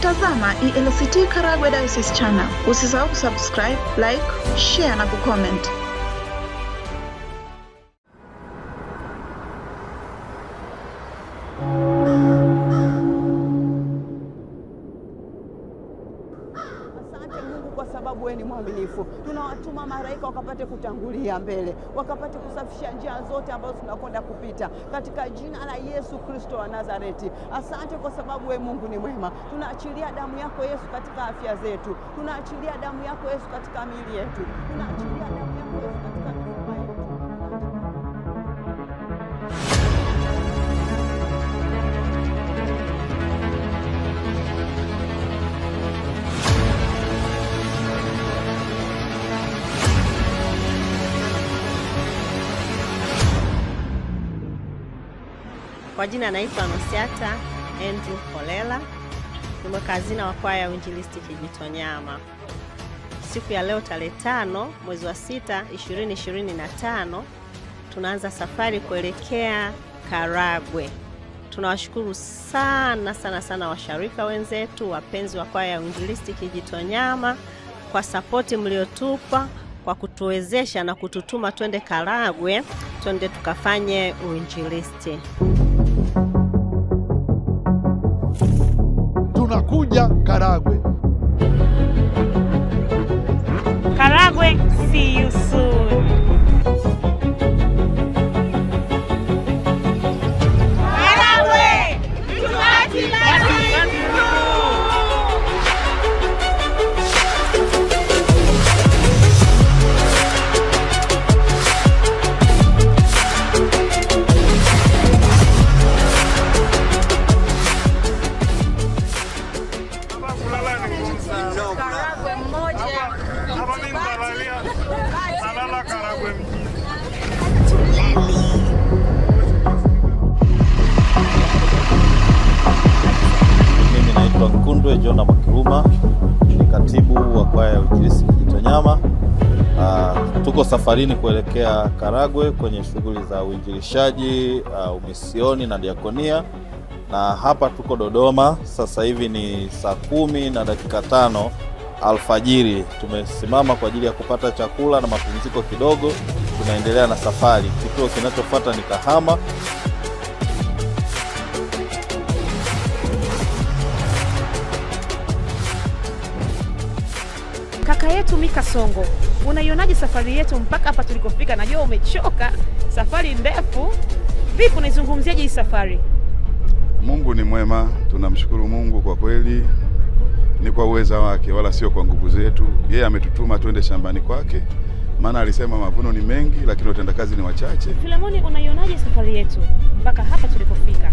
Unatazama ELCT Karagwe Diocese Channel. Usisahau kusubscribe, like, share na kucomment. wakapate kutangulia mbele, wakapate kusafisha njia zote ambazo tunakwenda kupita katika jina la Yesu Kristo wa Nazareti. Asante kwa sababu we Mungu ni mwema. Tunaachilia damu yako Yesu katika afya zetu, tunaachilia damu yako Yesu katika miili yetu, tunaachilia damu yako Yesu katika Kwa jina anaitwa Nosiata Andrew Kolela, ni mweka hazina wa kwaya ya Uinjilisti Kijitonyama. Siku ya leo tarehe tano mwezi wa sita 2025 tunaanza safari kuelekea Karagwe. Tunawashukuru sana sana sana washarika wenzetu, wapenzi wa kwaya ya Uinjilisti Kijitonyama kwa sapoti mliotupa kwa kutuwezesha na kututuma twende Karagwe, twende tukafanye uinjilisti. Tunakuja Karagwe. Karagwe, see you soon. safarini kuelekea Karagwe kwenye shughuli za uinjilishaji, uh, umisioni na diakonia, na hapa tuko Dodoma. Sasa hivi ni saa kumi na dakika tano alfajiri. Tumesimama kwa ajili ya kupata chakula na mapumziko kidogo, tunaendelea na safari. Kituo kinachofuata ni Kahama. Kaka yetu Mika Songo Unaionaje safari yetu mpaka hapa tulikofika? Najua umechoka, safari ndefu. Vipi, unaizungumziaje hii safari? Mungu ni mwema, tunamshukuru Mungu kwa kweli, ni kwa uweza wake, wala sio kwa nguvu zetu. Yeye ametutuma twende shambani kwake, maana alisema mavuno ni mengi, lakini watendakazi ni wachache. Filemoni, unaionaje safari yetu mpaka hapa tulikofika?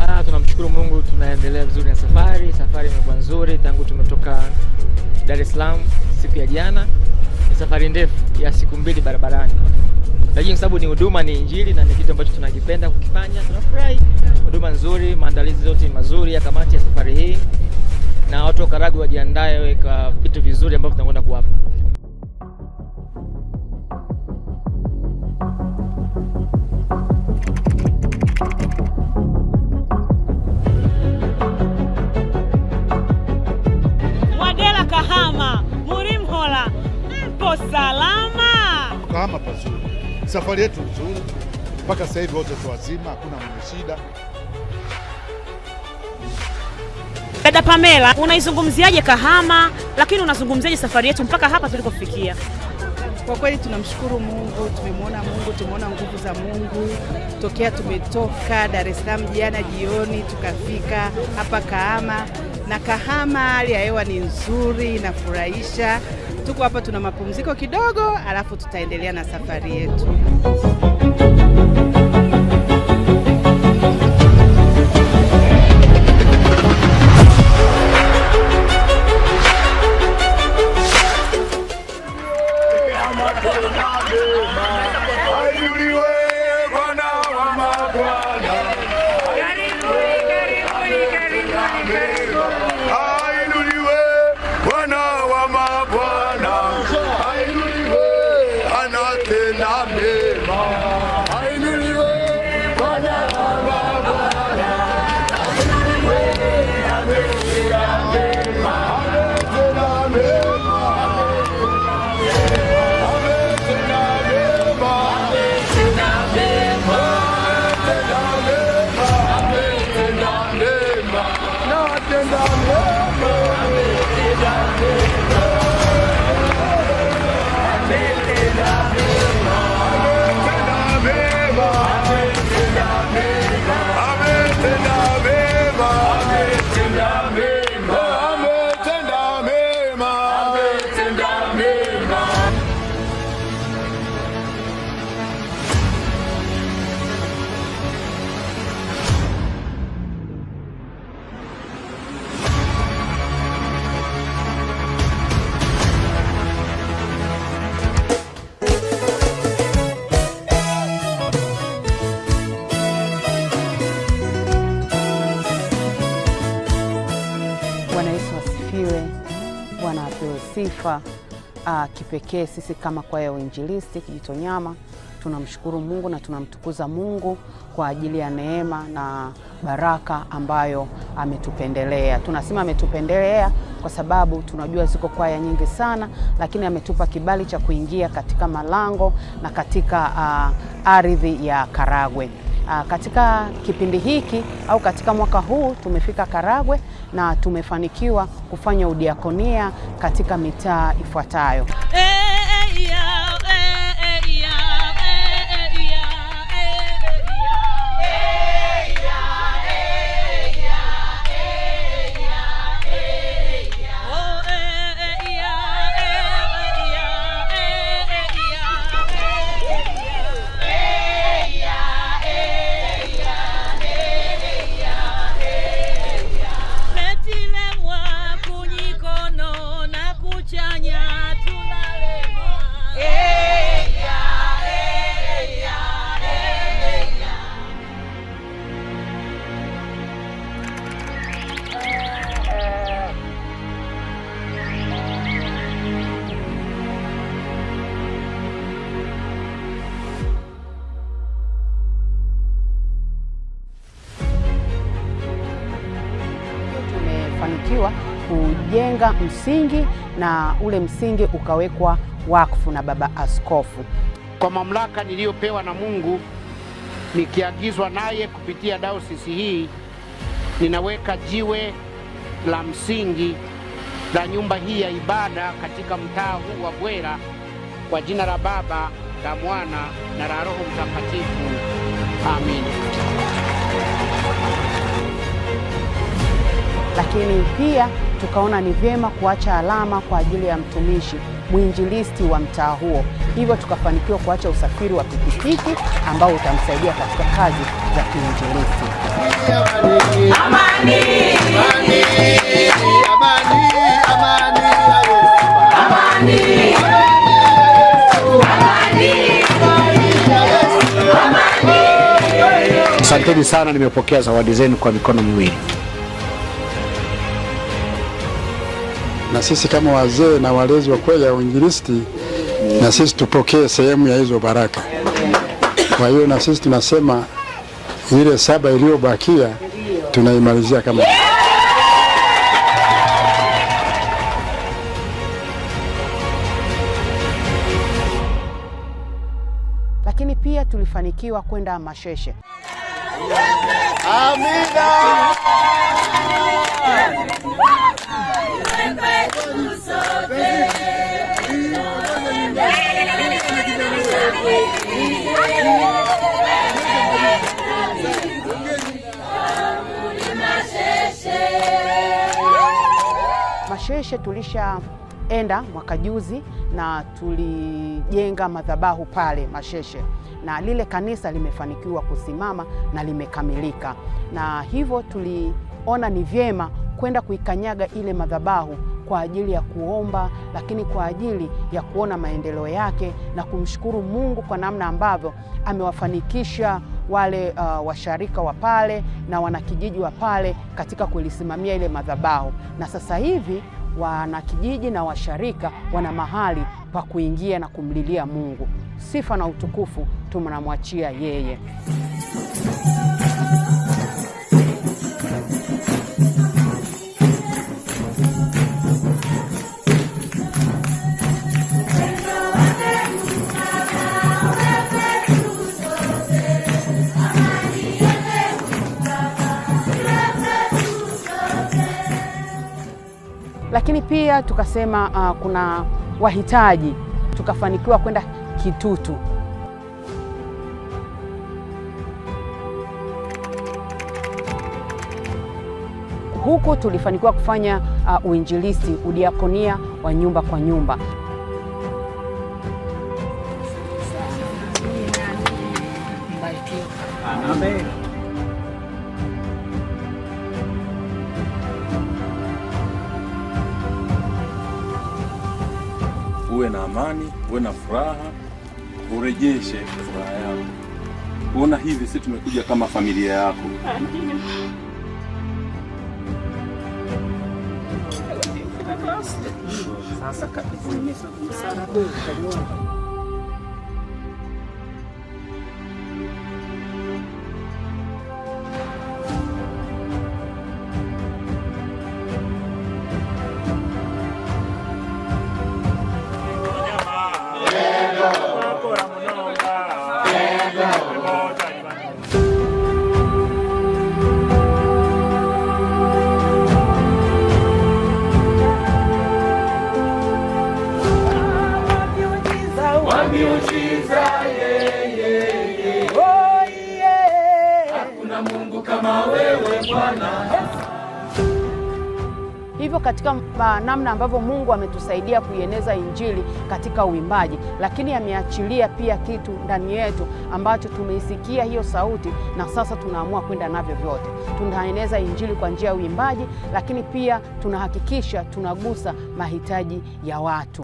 Ah, tunamshukuru Mungu, tunaendelea vizuri na safari. Safari imekuwa nzuri tangu tumetoka Dar es Salaam siku ya jana ni safari ndefu ya siku mbili barabarani, lakini sababu ni huduma, ni Injili na ni kitu ambacho tunakipenda kukifanya, tunafurahi. Huduma nzuri, maandalizi yote mazuri ya kamati ya safari hii, na watu wa Karagwe wajiandae kwa vitu vizuri ambavyo tunakwenda kuwapa. salama? Tuko hapa pazuri, safari yetu nzuri mpaka sasa hivi, wote wazima, hakuna mwenye shida. Dada Pamela, unaizungumziaje Kahama, lakini unazungumziaje safari yetu mpaka hapa tulikofikia? Kwa kweli tunamshukuru Mungu, tumemwona Mungu, tumeona nguvu za Mungu tokea tumetoka Dar es Salaam jana jioni tukafika hapa Kahama, na Kahama hali ya hewa ni nzuri, inafurahisha. Tuko hapa tuna mapumziko kidogo, alafu tutaendelea na safari yetu. sifa uh, ah, kipekee sisi kama kwaya ya uinjilisti Kijitonyama tunamshukuru Mungu na tunamtukuza Mungu kwa ajili ya neema na baraka ambayo ametupendelea. Tunasema ametupendelea kwa sababu tunajua ziko kwaya nyingi sana, lakini ametupa kibali cha kuingia katika malango na katika uh, ardhi ya Karagwe. Aa, ah, katika kipindi hiki au katika mwaka huu tumefika Karagwe na tumefanikiwa kufanya udiakonia katika mitaa ifuatayo. Eh, kujenga msingi na ule msingi ukawekwa wakfu na Baba Askofu. Kwa mamlaka niliyopewa na Mungu nikiagizwa naye kupitia dayosisi hii, ninaweka jiwe la msingi la nyumba hii ya ibada katika mtaa huu wa Bwera kwa jina la Baba la Mwana na la Roho Mtakatifu. Amin. Lakini pia tukaona ni vyema kuacha alama kwa ajili ya mtumishi mwinjilisti wa mtaa huo, hivyo tukafanikiwa kuacha usafiri wa pikipiki ambao utamsaidia katika kazi za kiinjilisti. Amani, amani, amani, amani. Asanteni sana, nimepokea zawadi zenu kwa mikono miwili. sisi kama wazee na walezi wa kweli ya uinjilisti, na sisi tupokee sehemu ya hizo baraka. Kwa hiyo na sisi tunasema ile saba iliyobakia tunaimalizia kama lakini pia tulifanikiwa kwenda Masheshe. Amina. Masheshe tulishaenda mwaka juzi na tulijenga madhabahu pale Masheshe na lile kanisa limefanikiwa kusimama na limekamilika, na hivyo tuliona ni vyema kwenda kuikanyaga ile madhabahu kwa ajili ya kuomba, lakini kwa ajili ya kuona maendeleo yake na kumshukuru Mungu kwa namna ambavyo amewafanikisha wale uh, washarika wa pale na wanakijiji wa pale katika kulisimamia ile madhabahu, na sasa hivi wanakijiji na washarika wana mahali pa kuingia na kumlilia Mungu. Sifa na utukufu tunamwachia yeye. lakini pia tukasema uh, kuna wahitaji tukafanikiwa kwenda Kitutu. Huko tulifanikiwa kufanya uh, uinjilisti, udiakonia wa nyumba kwa nyumba. Amen. uwe na amani, uwe na furaha, urejeshe furaha yako. Kuona hivi sisi tumekuja kama familia yako. Sasa kabisa. kama wewe Bwana. Hivyo katika ah, namna ambavyo Mungu ametusaidia kuieneza injili katika uimbaji, lakini ameachilia pia kitu ndani yetu ambacho tumeisikia hiyo sauti, na sasa tunaamua kwenda navyo vyote. Tunaeneza injili kwa njia ya uimbaji, lakini pia tunahakikisha tunagusa mahitaji ya watu.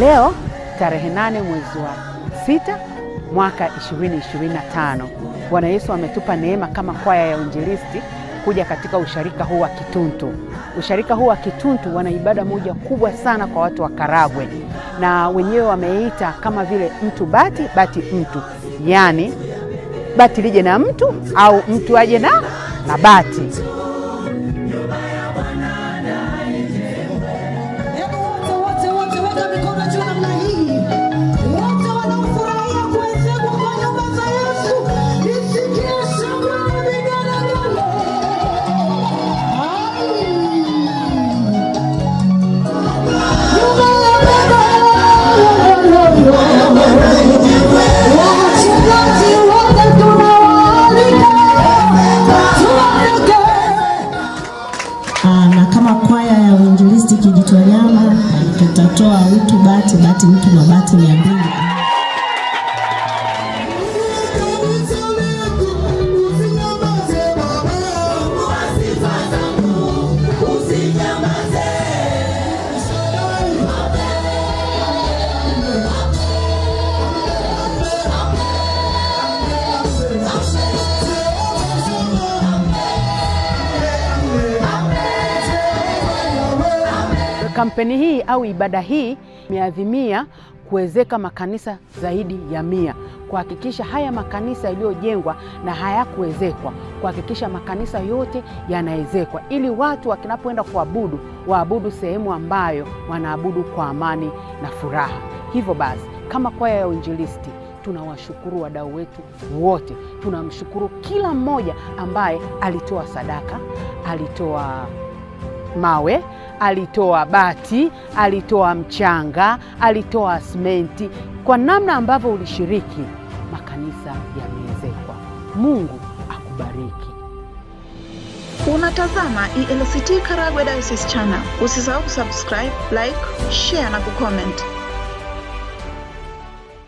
Leo tarehe nane mwezi wa sita mwaka 2025 Bwana Yesu ametupa neema kama kwaya ya uinjilisti kuja katika usharika huu wa Kituntu. Usharika huu wa Kituntu wana ibada moja kubwa sana kwa watu wa Karagwe, na wenyewe wameita kama vile mtu bati bati mtu, yaani bati lije na mtu au mtu aje na na bati. bahati bahati mtu na mia mbili Kampeni hii au ibada hii Tumeazimia kuwezeka makanisa zaidi ya mia kuhakikisha haya makanisa yaliyojengwa na hayakuwezekwa, kuhakikisha makanisa yote yanawezekwa, ili watu wakinapoenda kuabudu waabudu sehemu ambayo wanaabudu kwa amani na furaha. Hivyo basi, kama kwaya ya Uinjilisti tunawashukuru wadau wetu wote, tunamshukuru kila mmoja ambaye alitoa sadaka, alitoa mawe alitoa bati, alitoa mchanga, alitoa simenti. Kwa namna ambavyo ulishiriki, makanisa yameezekwa. Mungu akubariki. Unatazama ELCT Karagwe Diocese Channel. Usisahau kusubscribe, like, share na kucomment.